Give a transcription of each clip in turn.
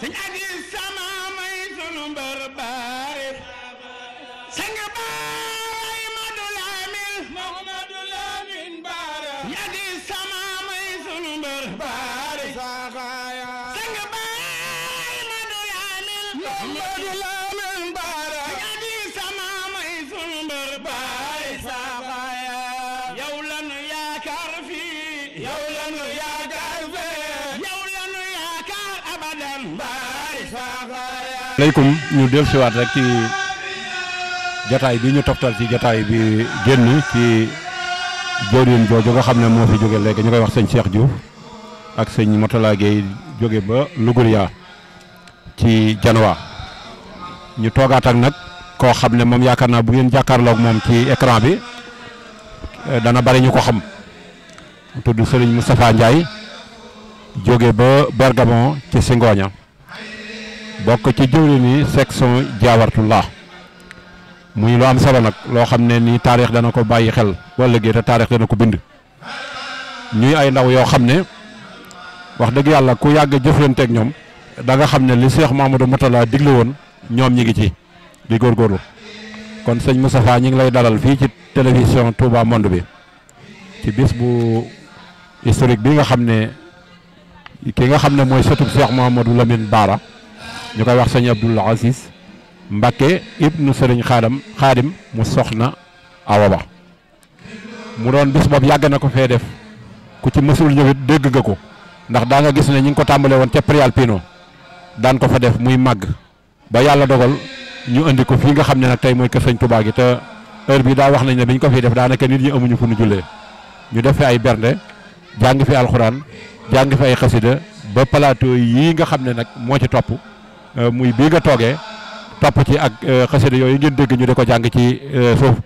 sëñ Aziz sama may sunu mbër baare sang baay Madu Lamin Madu Lamin baare sëñ Aziz sama may sunu mbër baare sang baay Madu Lamin Madu Lamin baare asalaamaaleykum ñu del siwaat rek ci jataay bi ñu toftal ci jataay bi génn ci jëwriñ jooju nga xam ne moo fi jóge léegi ñu koy wax sëñ Cheikh Diouf ak sëñ Motala jóge ba Luguriya ci janwa ñu toogaat nag koo xam ne moom yaakaar naa bu ngeen jàkkaarloog moom ci écran bi dana bari ñu ko xam tudd sëriñ Moustapha Ndiaye jóge ba Bergamo ci Singoña bokk ci jëwriñi section jaawartullah muy lu am solo nag loo xam ne nii taarix dana ko bàyyi xel wala léegi te taarix dana ko bind ñuy ay ndaw yoo xam ne wax dëgg yàlla ku yàgg jëflanteeg ñoom danga xam ne li seex Cheikh Mamadou Moutala digle woon ñoom ñi ngi ci di góorgóorlu kon sëñ Moustapha ñi ngi lay dalal fii ci télévision Touba Monde bi ci bis bu historique bi nga xam ne ki nga xam ne mooy sëtub Cheikh Mamadou Lamine Bara ñu koy wax sëñ Abdoul Aziz Mbacke ibnu sëriñ xaadam xaadim mu soxna awa ba mu doon bis boobu yàgg na ko fee def ku ci mësul ñëwit dégg nga ko ndax daa nga gis ne ñi ngi ko tàmbalee woon ca Prial Pino daan ko fa def muy màgg ba yàlla dogal ñu indi ko fii nga xam ne nag tey mooy kër sëñ Touba gi te heure bi daa wax nañ ne biñ ko fii def daanaka nit ñi amuñu fu ñu jullee ñu def fi ay bernde jàng fi alxuraan jàng fi ay xasida ba palaatooy yii nga xam ne nag moo ci topp Euh, muy bii nga toogee topp ci ak euh, xasida yooyu ngeen dégg ñu di ko jàng ci suuf euh,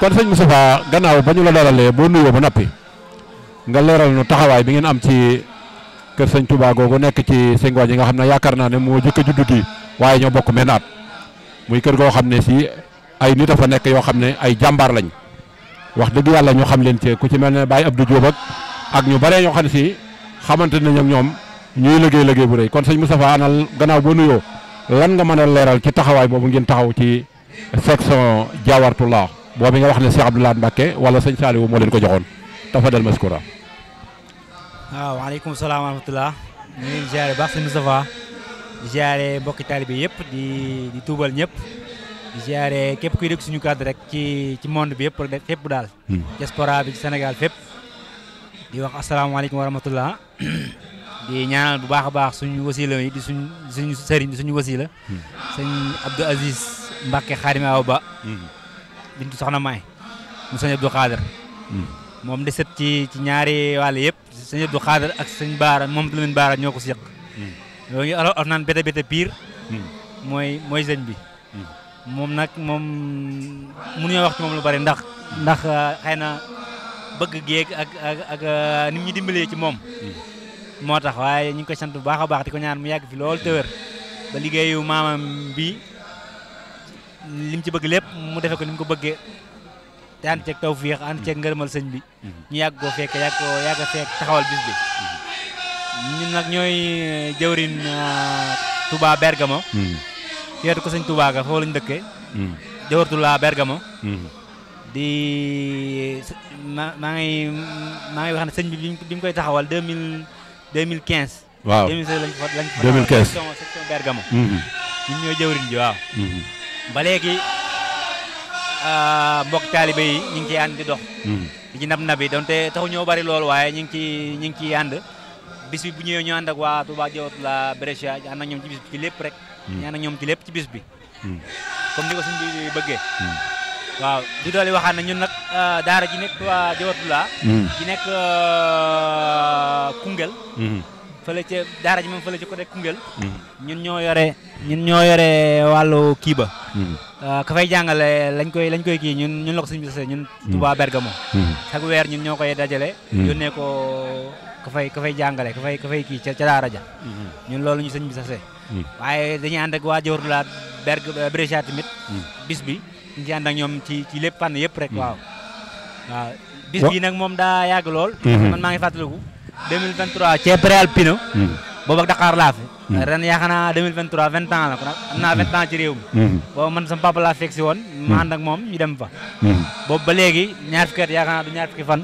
kon sëñ Moustapha gannaaw ba ñu la dalalee boo nuyoo ba noppi nga leeral nu taxawaay bi ngeen am ci kër sañ Touba googu nekk ci Senghooñ yi nga xam ne yaakaar naa ne moo jëkk a juddu gi waaye ñoo bokk menn at muy kër goo xam ne si ay nit a fa nekk yoo xam ne ay jàmbaar lañ wax dëgg yàlla ñu xam leen ci ku ci mel ne Baye Abdou Diop ak ñu bare ñoo xam ne si xamante nañ ñoom. ñuy liggéey liggéey bu rëy kon sëñ Moustapha anal gannaaw boo nuyoo lan nga mën a leeral ci taxawaay boobu ngeen taxaw ci section Jaawartullah boobu nga wax ne Cheikh Abdoulaye Mbacke wala sañ Saliou moo leen ko joxoon tafadal maskura waaw ah, waaleykum salaam wa rahmatulah ñu ngi leen baax sëñ Moustapha di mbokki taalibe yëpp di di tuubal ñëpp di képp kuy dégg suñu kàddu rek ci ci monde bi yëpp rek daal hmm. diaspora bi ci senegal fépp di wax asalaamaaleykum wa rahmatullah di ñaanal bu baax a baax suñu wasila yi di suñu suñu sëriñ di suñu wasila hmm. sëñ Abdou Aziz Mbacke Xaadime Awa Ba hmm. bintu soxna May mu sëñ Abdou Xaadar hmm. moom de set ci ci ñaari wàll yëpp sëñ Abdou Xaadar ak sëñ Baara moom Lamine Baara ñoo ko seq loolu ñu naan bete bete mooy mooy sëñ bi moom nag moom mu mënuñoo wax ci moom lu bari ndax ndax xay na bëgg géeg ak ak ak ni mu ñu dimbalee ci moom moo tax waaye ñu ngi koy sant bu baax a baax di ko ñaan mu yàgg fi lool te wér ba liggéeyu maamam bi lim ci bëgg lépp mu defee ko ni ko bëggee te ànd ceeg tawfiix ànd ceeg ngërëmal sëñ bi mhm. ñu yàgg koo fekke yàgg koo yàgg a fekk taxawal bis mhm. nag ñooy eh, jëwrin eh, Touba Bergamo mhm. yeetu ko sëñ Touba ga foofu lañ dëkkee Jawartulaa Bergamo di eh, maa ngi maa ngi wax ne sëñ bi bi mu koy taxawal 2000 2015. waaw 2016 lañ fa lañ fa. 2015 section Bergamo. Mm-hmm. ñun ñoo jëwriñ ji waaw. Mm-hmm. ba léegi euh, mbokk taalibe yi ñu ngi ciy ànd di dox. Mm-hmm. di ci nab nab yi donte taxu ñoo bari lool waaye ñu ngi ciy ñu ngi ciy ànd. bis bu ñëwee ñu ànd waat waa Touba Diawoul la Brescia ànd ñoom ci bis ci lépp rek. ñu mm. ànd ñoom ci lépp ci bis bi. Mm. comme ni ko suñ bi waaw di dooli waxaan na ñun nag euh, daara ji nekk waa Jawatulaa hmm. ji nekk euh, Koungheul hmm. fële ca daara ji moom fële ca côté Koungheul hmm. ñun ñoo yore ñun ñoo yore wàllu kii ba euh, ka fay jàngale lañ koy lañ koy kii ñun ñun la ko sëñ bi sase ñun Touba Bergamo chaque weer ñun ñoo koy dajale ne ko ka fay ka fay jàngale ka fay ka fay kii ca daara ja ñun loolu ñu sëñ bi sase waaye dañuy ànd ak waa Jawatulaa Berg Brescia tamit bis bi ñu ngi ànd ak ñoom ci ci lépp fànn yëpp rek mm-hmm. waaw ah. waaw bis bii nag moom daa yàgg lool mm-hmm. man maa ngi fàttaliku 2023 cee pré alpino boobu ak Dakar laa fi mm-hmm. ren yaakaar naa 2023 20 ans la kon am naa 20 ans ci réew mi boobu man sama papa laa fekk si woon ma ànd ak moom ñu dem fa boobu ba léegi ñaar fukki at yaakaar naa du ñaar fukki fan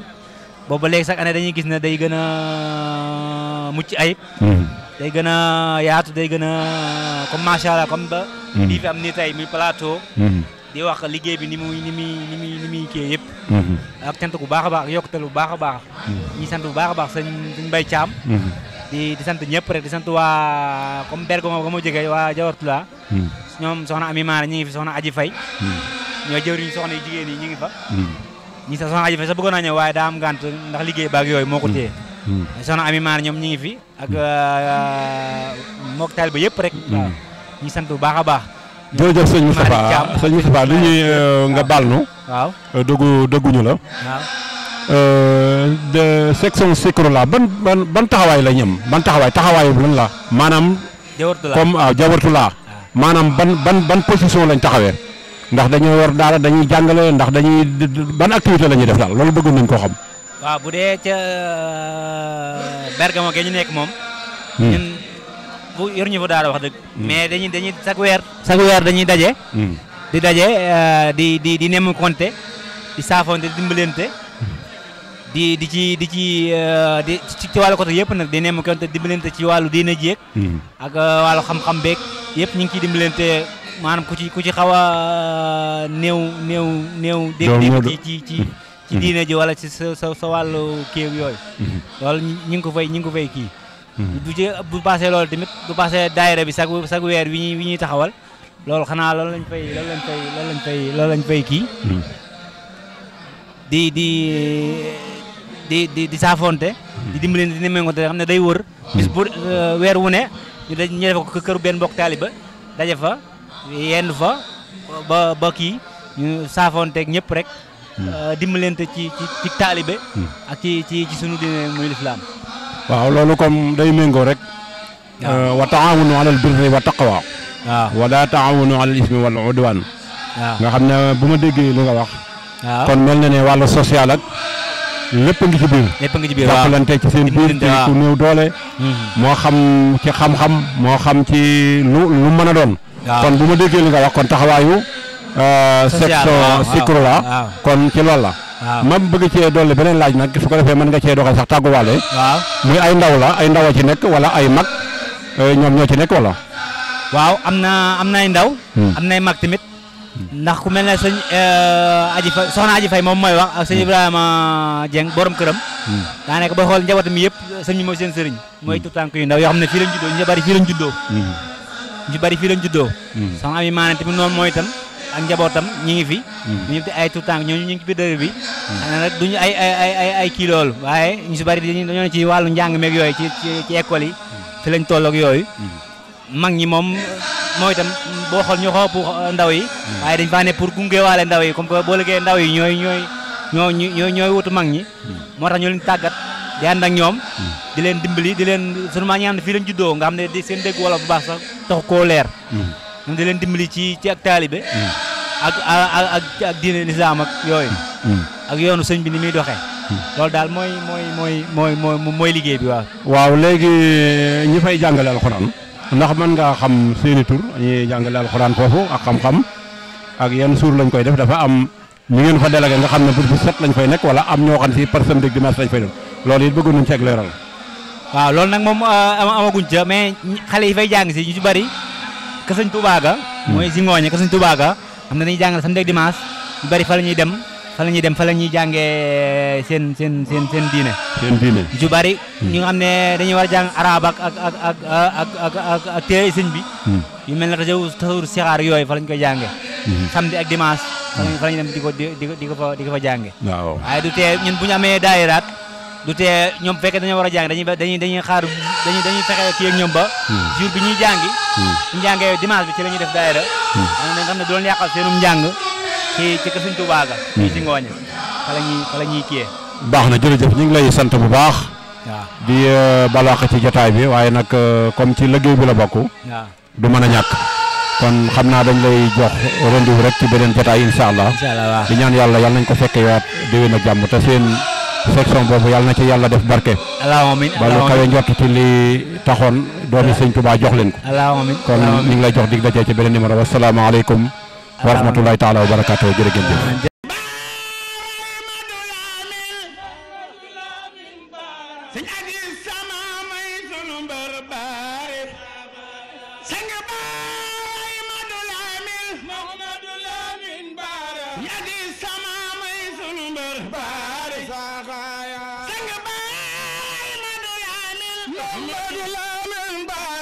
boobu ba léegi chaque année dañuy gis ne day gën a euh, mucc ayib day gën a yaatu day gën a comme macha allah comme ba lii fi am nii tey muy plateau di wax liggéey bi ni muy ni muy ni muy ni muy kii yëpp. Mhm. ak cant bu baax a baax ak yokkute bu baax a baax. ñi mhm. sant bu baax a baax sëñ sëñ Mbaye Thiam. Mhm. di di sant ñëpp rek di sant waa comme bergo moom ba ma jógee waa Jawartula. ñoom soxna Ami Mara ñu ngi fi soxna Aji Fay. ñoo jëwriñ soxna jigéen yi ñu ngi fa. ñi sax soxna Aji Fay sax bëggoon naa ñëw waaye daa am gànt ndax liggéey baag yooyu moo ko téye. soxna Ami Mara ñoom ñu ngi fi. ak euh, mook taal ba yëpp rek. waaw ñu sant bu baax a baax. jërëjëf sëñ Moustapha sëñ Moustapha li euh, nga baal nu. waaw euh, dëggu dëgguñu la. Euh, de section Zikroulahi ban ban ban taxawaay la ñam ban taxawaay taxawaay lan la. maanaam. Jawartulaa comme waaw ah, Jawartulaa. maanaam ban ban ban position lañ taxawee. ndax dañoo war daara dañuy jàngale ndax dañuy ban activité la ñuy def daal loolu bëgg nañ ko xam. waaw bu dee ca Bergamo ge ñu nekk moom. Hmm. bu yor ñu fa daara wax dëgg. Mm. mais dañuy dañuy chaque weer chaque weer dañuy daje. Mm. di daje euh, di di di nemm konte di saafonte di dimbalante. di di ci di ci euh, di ci wàllu côté yëpp nag di nemm konte dimbalante ci wàllu diina jéeg. Mm. ak euh, wàllu xam-xam beeg yëpp ñu ngi ciy dimbalante maanaam ku ci ku ci xaw a néew néew néew. dégg-dégg ci ci ci diina ji wala ci sa sa wàllu kii yooyu. loolu ñu ngi ko fay ñu ngi ko fay kii. bu mm-hmm. ci bu passé loolu tamit bu passé daayira bi sag sag weer wi ñuy wi ñuy taxawal loolu xanaa loolu lañ fay loolu lañ fay loolu lañ fay loolu kii mm-hmm. di di di di di saafonte di dimbali di nemmeeku te xam ne day wër mm-hmm. euh, weer wu ne ñu da ñu def ko benn mbokk taaliba daje fa yenn fa ba ba kii ñu saafonteeg ñëpp rek euh, dimbalante ci ci ci taalibe ak ci ci ci sunu diine muy lislaam waaw loolu comme day méngoo rek. Euh, wa taawunu alal birri wa taqwa. waaw wala taawunu alal ismi wal udwan nga xam ne bu ma déggee li nga wax. kon mel na ne wàllu social ak. lépp ngi ci biir lépp ngi ci biir waaw jàppalante ci seen biir ci ku néew doole. Hmm. moo xam ci xam-xam moo xam ci lu lu mën a doon. kon bu ma déggee li nga wax kon taxawaayu. Euh, social waaw section sikru la kon ci loolu la. ma bëgg cee dolli beneen laaj nag su ko defee mën nga cee doxal sax tàgguwaale. waaw muy ay ndaw la ay ndaw a ci nekk wala ay mag euh, ñoom ñoo ci nekk wala. waaw am na am nay ndaw. Hmm. am nay mag tamit. Hmm. ndax ku mel ne sëñ euh, Aji Fay soxna Aji Fay moom mooy wax ak sëñ hmm. Ibrahima Dieng borom këram. daanaka boo xool njabootam yëpp sëñ bi mooy seen sëriñ. mooy tutànk yu ndaw yoo xam ne fii lañ juddoo ñu bari fii lañ juddoo. ñu bari fii lañ juddoo. soxna Ami Maane tamit noonu mooy itam ak njabootam ñi ngi fi hmm. ñu di ay tout temps ñooñu ñu ngi ci biir dëkk bi xanaa nag duñu ay ay ay kii loolu waaye ñu si bari dañoo ne ci wàllu njàng meeg yooyu ci ci école yi hmm. fi lañ toll yooyu hmm. mag ñi moom mooy itam boo xool ñoo xoopu ndaw yi waaye dañ faa ne pour gunge waale ndaw yi comme que boo liggéey ndaw yi ñooy ñooy ñooñu ñooy ñooy wutu mag ñi moo tax ñu leen tàggat di ànd ak ñoom di leen dimbali di leen sunu maa ñi xam ne fii lañ juddoo nga xam ne seen dégg wala bu baax sax taxu koo leer ñoom di ak ak ak diine lislaam ak yooyu. Hmm. ak yoonu sëñ bi ni muy doxe hmm. loolu daal mooy mooy mooy mooy mooy liggéey bi waaw. waaw léegi ñi fay jàngale alxuraan. ndax mën ngaa xam seeni tur ñi jàngale alxuraan foofu ak xam-xam ak yan suur lañ koy def dafa am ñu ngeen fa délégué nga xam ne bu set lañ fay nekk wala am ñoo xam si par samedi dimanche lañ fay loolu it bëggoon nañ ci waaw loolu nag moom euh, amaguñ ca mais xale yi fay jàng si ñu ci bari ka sëñ Tuubaa ga hmm. xam ne dañuy jàngal samedi ak dimanche ñu bari fa la ñuy dem fa la ñuy dem fa la ñuy jàngee seen seen seen seen diine. seen bari. Hmm. ñu nga xam ne dañuy war a jàng arab ak ak ak ak ak ak ak ak téere sëñ bi. Hmm. yu mel ne rajo yooyu fa lañ koy jàngee. Hmm. samedi ak dimanche. fa lañ fa lañ dem di ko di ko di ko fa du tee ñun bu ñu amee daayiraat du tee ñoom bu fekkee dañoo war a jàng dañuy dañuy dañuy xaar dañuy dañuy fexe kii ba. jour bi ñuy jàngi. ñu jàngee dimanche bi ci la def daayira am na nga xam ne doon yàqal seenum njàng ci ci kër Sëñ Tuubaa ga fii hmm. ci baax na jërëjëf ñu ngi lay sant bu baax waaw di euh, balaax ci jotaay bi waaye nag euh, comme ci liggéey bi la bokk waaw du mën a ñàkk kon xam naa dañ lay jox rendez-vous rek ci beneen jotaay incha allah di ñaan yàlla yàlla nañ ko fekkee waat déwén ak jàmm te seen section boobu yàlla na ci yàlla def barke. allahumma amiin ba lu kawe njott ci li taxoon doomi sëñ Tuubaa jox leen ko. allahumma amiin kon ñu ngi lay jox dig dajee ci beneen numéro wasalaamaaleykum. wa rahmatulahi taala wa barakaatu jërëjëf. mbadi laa men baa